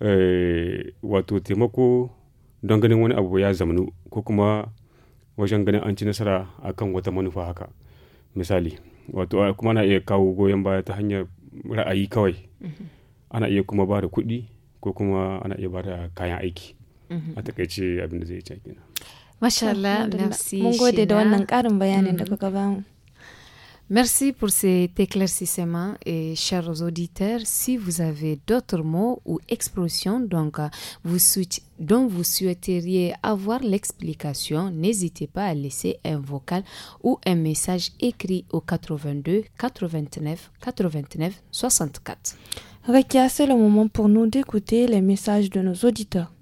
e, wato taimako don ganin wani abu ya zamanu ko kuma wajen ganin an ci nasara akan wata manufa haka misali wato kuma ana iya kawo goyon baya ta hanyar ra'ayi kawai mm-hmm. ana iya kuma ba da kuɗi ko kuma ana iya ba da kayan aiki mm-hmm. a takaice abin da zai ce kenan merci. Merci pour cet éclaircissement et chers auditeurs, si vous avez d'autres mots ou expressions donc, vous dont vous souhaiteriez avoir l'explication, n'hésitez pas à laisser un vocal ou un message écrit au 82 89 89 64. Rekia, c'est le moment pour nous d'écouter les messages de nos auditeurs.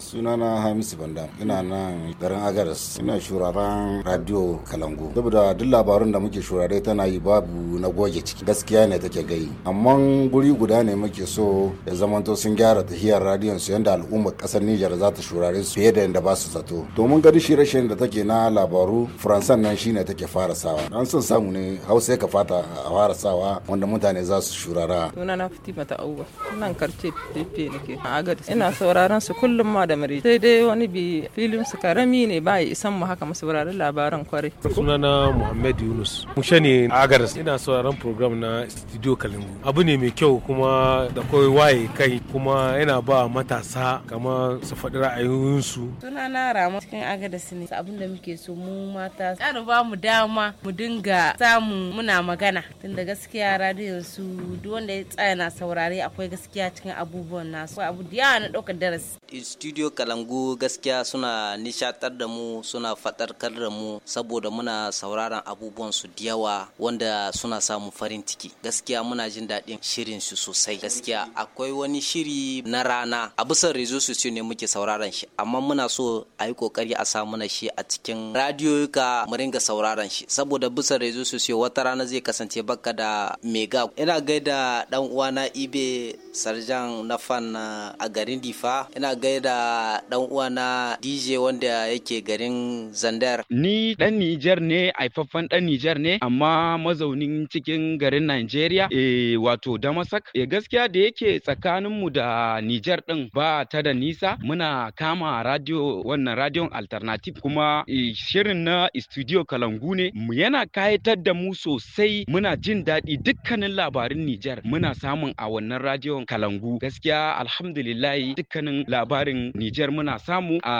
suna na hamisu banda ina nan garin agaras ina shuraren radio kalangu saboda duk labarun da muke shurare tana yi babu na goge ciki gaskiya ne take gai amma guri guda ne muke so ya zamanto sun gyara tahiyar radiyon su yadda al'ummar kasar nijar za ta shurare su fiye da yadda ba su zato domin gadi shi rashin da take na labaru faransan nan shine take fara sawa an son samu ne hausa ya fata a fara sawa wanda mutane za su shurara na fatima ta auwa nan karce tefe nake a agaris ina sauraron su kullum ma da mare sai wani bi filin su karami ne ba ya isan mu haka masu wuraren labaran kwarai sunana muhammad yunus mushe ne agaras ina sauraron program na studio kalingu abu ne mai kyau kuma da kawai waye kai kuma yana ba matasa kama su faɗi ra'ayoyinsu sunana ramu cikin agaras ne abin da muke so mu mata an ba mu dama mu dinga samu muna magana tunda gaskiya radiyon su duk wanda ya tsaya na saurare akwai gaskiya cikin abubuwan nasu abu da yawa na ɗaukar darasi studio kalangu gaskiya suna nishatar da mu suna faɗarkar da mu saboda muna sauraron abubuwan su diyawa wanda suna samun farin ciki gaskiya muna jin daɗin shirin su sosai gaskiya akwai wani shiri na rana a bisan rezo ne muke sauraron shi amma muna so a yi kokari a samu na shi a cikin ka mu ringa sauraron shi saboda bisan rezo wata rana zai kasance baka da mega ina gaida dan uwana ibe sarjan na fan a garin difa ina gaida dan uwa na DJ wanda yake garin Zandar. Ni dan Nijar ne, haifaffen dan Nijar ne, amma mazaunin cikin garin Najeriya, e, eh, wato Damasak. E, gaskiya da yake tsakaninmu da Nijar din ba ta da nisa, muna kama radio wannan radion alternative kuma e, shirin na studio Kalangu ne. Yana kayatar da mu sosai, muna jin daɗi dukkanin labarin Nijar muna samun a wannan radion Kalangu. Gaskiya alhamdulillahi dukkanin labarin Nijar muna samu a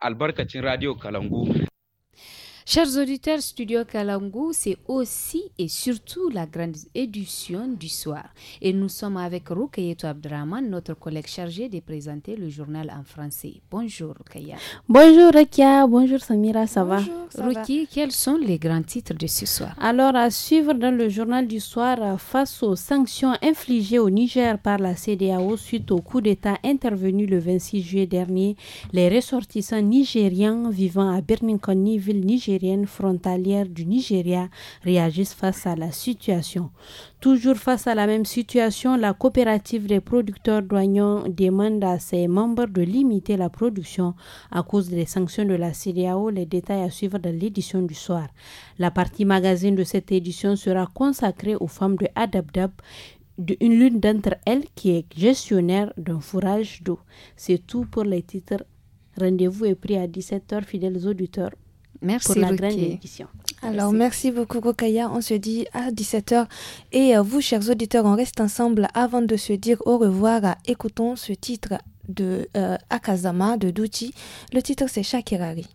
albarkacin Radio Kalangu. Chers auditeurs, Studio Kalangu, c'est aussi et surtout la grande édition du soir. Et nous sommes avec Rukayeto Abdraman, notre collègue chargé de présenter le journal en français. Bonjour, Kaya. Bonjour, Rekia. Bonjour, Samira. Ça Bonjour, va Ruki, quels sont les grands titres de ce soir Alors, à suivre dans le journal du soir, face aux sanctions infligées au Niger par la CDAO suite au coup d'État intervenu le 26 juillet dernier, les ressortissants nigériens vivant à Birninkoni, ville nigérienne, frontalière frontalières du Nigeria réagissent face à la situation. Toujours face à la même situation, la coopérative des producteurs douaniers demande à ses membres de limiter la production à cause des sanctions de la CDAO. Les détails à suivre dans l'édition du soir. La partie magazine de cette édition sera consacrée aux femmes de Adabdab, une l'une d'entre elles qui est gestionnaire d'un fourrage d'eau. C'est tout pour les titres. Rendez-vous est pris à 17h, fidèles auditeurs. Merci Alors, merci. beaucoup, Kokaya. On se dit à 17h. Et euh, vous, chers auditeurs, on reste ensemble avant de se dire au revoir. Écoutons ce titre de euh, Akazama de Duchi. Le titre, c'est Shakirari.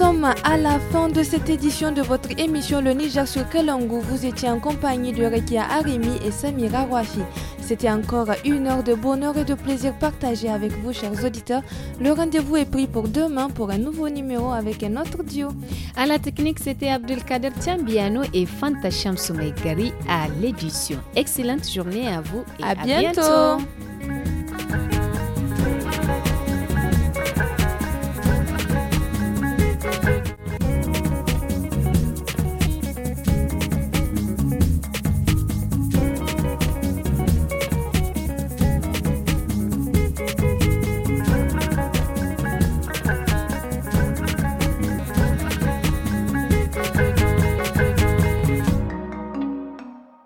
sommes à la fin de cette édition de votre émission Le Niger sur Kalangu. Vous étiez en compagnie de Rekia Arimi et Samira Wafi. C'était encore une heure de bonheur et de plaisir partagé avec vous, chers auditeurs. Le rendez-vous est pris pour demain pour un nouveau numéro avec un autre duo. À la technique, c'était Abdelkader Tiambiano et Fanta Soumegari à l'édition. Excellente journée à vous et à, bientôt.